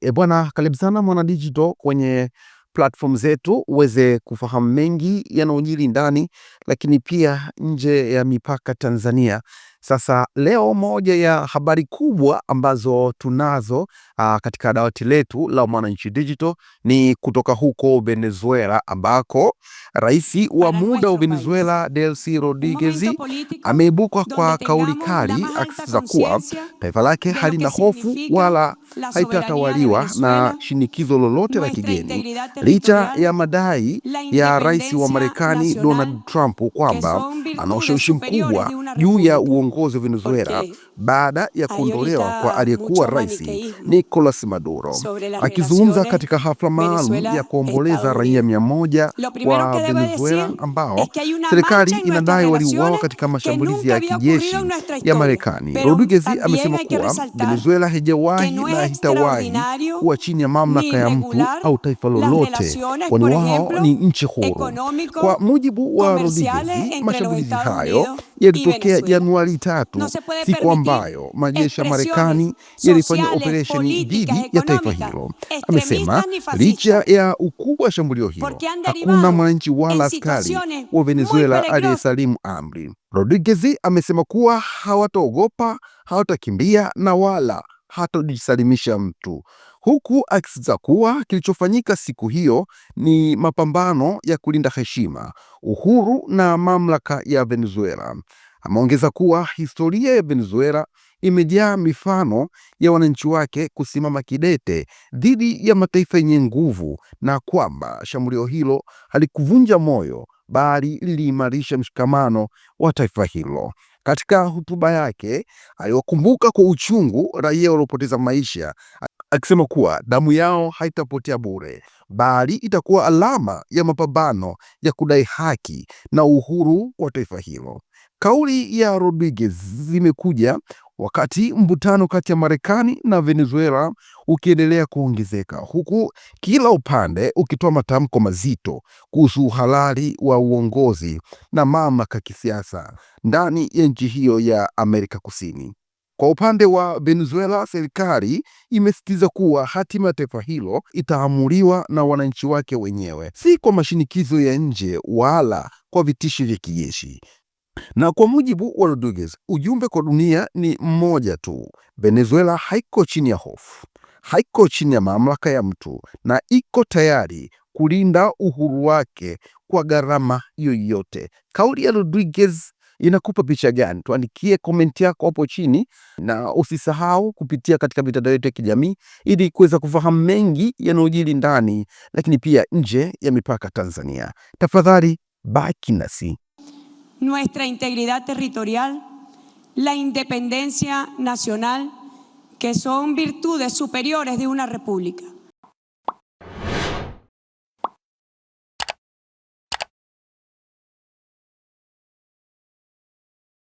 E bwana, karibu sana mwana digital kwenye platform zetu uweze kufahamu mengi yanayojiri ndani lakini pia nje ya mipaka Tanzania. Sasa leo, moja ya habari kubwa ambazo tunazo aa, ah, katika dawati letu la Mwananchi Digital ni kutoka huko Venezuela ambako rais wa muda wa Venezuela Delcy Rodriguez ameibuka kwa kauli kali akisisitiza kuwa taifa lake halina hofu wala haitatawaliwa na shinikizo lolote la kigeni, licha ya madai ya rais wa Marekani Donald Trump kwamba ana ushawishi mkubwa juu ya uongozi wa Venezuela baada ya kuondolewa kwa aliyekuwa rais Nicolas Maduro. Akizungumza katika hafla maalum ya kuomboleza raia mia moja wa Venezuela ambao serikali inadai waliuawa katika mashambulizi ya kijeshi ya Marekani, Rodriguez amesema kuwa Venezuela haijawahi na haitawahi kuwa chini ya mamlaka ya mtu au taifa lolote, kwani wao ni nchi huru. Kwa mujibu wa Rodriguez, mashambulizi hayo yalitokea Januari tatu, siku ambayo majeshi ya Marekani yalifanya operesheni dhidi ya taifa hilo. Amesema licha ya ukubwa wa shambulio hilo hakuna mwananchi wala askari wa Venezuela aliyesalimu amri. Rodriguez amesema kuwa hawataogopa, hawatakimbia na wala hatojisalimisha mtu, huku akisisitiza kuwa kilichofanyika siku hiyo ni mapambano ya kulinda heshima, uhuru na mamlaka ya Venezuela. Ameongeza kuwa historia ya Venezuela imejaa mifano ya wananchi wake kusimama kidete dhidi ya mataifa yenye nguvu na kwamba shambulio hilo halikuvunja moyo bali liliimarisha mshikamano wa taifa hilo. Katika hotuba yake aliwakumbuka kwa uchungu raia waliopoteza maisha, akisema kuwa damu yao haitapotea bure, bali itakuwa alama ya mapambano ya kudai haki na uhuru wa taifa hilo. Kauli ya Rodriguez zimekuja wakati mvutano kati ya Marekani na Venezuela ukiendelea kuongezeka huku kila upande ukitoa matamko mazito kuhusu uhalali wa uongozi na mamlaka kisiasa ndani ya nchi hiyo ya Amerika Kusini. Kwa upande wa Venezuela, serikali imesisitiza kuwa hatima ya taifa hilo itaamuliwa na wananchi wake wenyewe, si kwa mashinikizo ya nje wala kwa vitishi vya kijeshi. Na kwa mujibu wa Rodriguez, ujumbe kwa dunia ni mmoja tu: Venezuela haiko chini ya hofu, haiko chini ya mamlaka ya mtu, na iko tayari kulinda uhuru wake kwa gharama yoyote. Kauli ya Rodriguez inakupa picha gani? Tuandikie komenti yako hapo chini, na usisahau kupitia katika mitandao yetu ya kijamii ili kuweza kufahamu mengi yanayojiri ndani, lakini pia nje ya mipaka Tanzania. Tafadhali baki nasi. nuestra integridad territorial, la independencia nacional, que son virtudes superiores de una república.